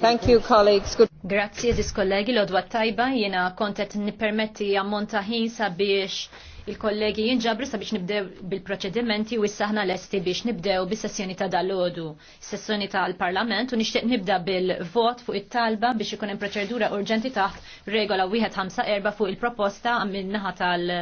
Thank you, colleagues. Good. Grazie, dis kollegi, l-odwa tajba, jena kontet nipermetti ammonta ħin sabiex il-kollegi jinġabru sabiex nibdew bil-proċedimenti u issaħna l-esti biex nibdew bis-sessjoni ta' dal-ħodu, sessjoni ta' l-Parlament u nixtieq nibda bil-vot fuq it-talba biex ikun hemm proċedura urġenti taħt regola 154 fuq il-proposta minn naħa tal-